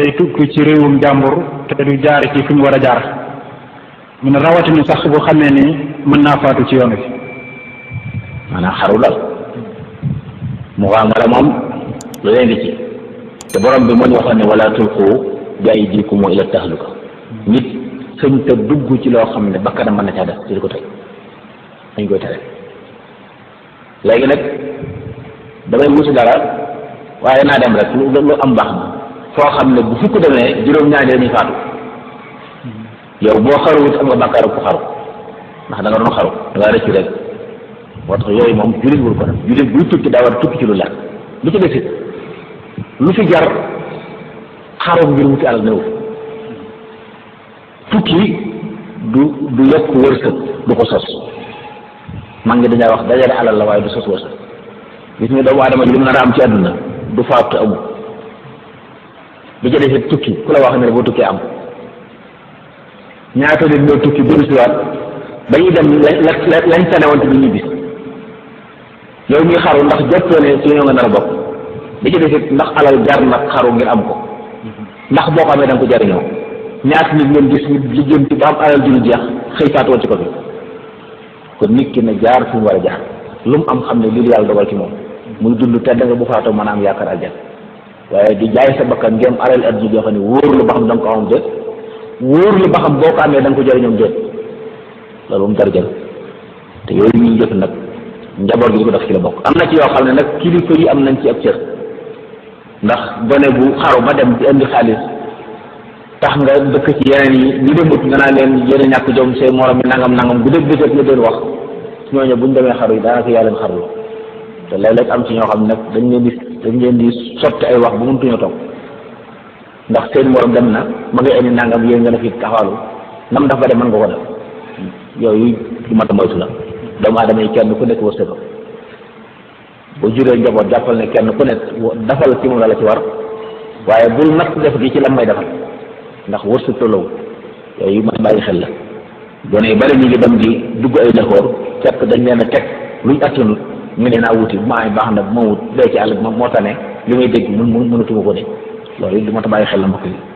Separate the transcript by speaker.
Speaker 1: day tukk ci réewum jàmbur te du jaar ci fi mu war a jaar mu ne rawatina sax bu xamee ni mën naa faatu ci yoon wi maanaam xaru lal mu xaamala moom lu leen di ci te borom bi moo ñu waxoon ne wala tulqu bi aydikum ila tahluka nit sëñ dugg ci loo xam ne bakkanam mën na caa def ci di ko tey dañ koy léegi nag damay musu dara waaye naa dem rek lu am baax na foo xam ne bu fukk demee juróom-ñaar dañuy faatu yow boo xaruwut am nga bàkkaaru ku xaru ndax da nga doon xaru da ngaa rëcc rek moo tax yooyu moom jullit wul ko def tukki daa war tukki ci lu leer lu ci desit lu fi jar xaru ngir wuti àll néew tukki du ko sos man ngi dañaa wax dajale alal la waaye du sos wërsëg gis nga doomu aadama li mu nar a am ci na du faatu amul bi ci defee tukki ku la wax ne boo tukki am ñaata nit ñoo tukki bu siwaat ba ñuy dem la lañ tanewante bi ñuy bis yow muy xaru ndax jottoo ne su ñoo nga nar a bokk bi ci defee ndax alal jar nag xaru ngir am ko ndax boo ko amee da ko jariñoo ñaata nit ngeen gis nit li jëm ci ba am alal ju jeex xëy faatuwoon ci ko fi kon nit na jaar fi mu war a jaar lu mu am xam ne lii yàlla dogal ci moom muy dund tedd nga bu faatoo mën a am yaakaar waaye di jaay sa bakkan ngeen alal at ji joo xam ne wóor lu ba xam da ko am déet wóor lu ba xam boo ko amee da ko jëriñoom déet loolu moom dara jël te yooyu ñuy nag njaboot gi ñu ci la bokk am na ci yoo xam ne nag kilifa yi am nañ ci ab cër ndax gone bu xaru ba dem di indi xaalis tax nga dëkk ci yeneen yi ñu demut nga naa leen yéen a ñàkk jom seen morom yi nangam nangam bu dégg bëccëg nga doon su ñooñu bu ñu demee xaru yi daanaka yaa leen xarul te léeg-léeg am ci ñoo xam ne nag dañ leen di dañ leen di sotti ay wax bu mëntuñoo toog ndax seen morom dem na ma ngay indi nangam yéen nga ne fi taxawaalu nam dafa dem mën nga ko def yooyu lu mat a moytu la doomu kenn ku nekk wërsëgam bu juree njaboot jàppal ne kenn ku nekk dafal ci moom la ci war waaye bul mat def gi ci lam may defal ndax wërsëg tolloo ma bàyyi xel la gone yi bari ñu ngi dem di dugg ay lëxoor fekk dañ leen a teg luñ attanut mu ne naa wuti bu ma amee baax na bu ma wut dee ci àll bi moo tane li may dégg mun mënatuma ko de loolu lu du ma ta bàyyi xel la mbokk yi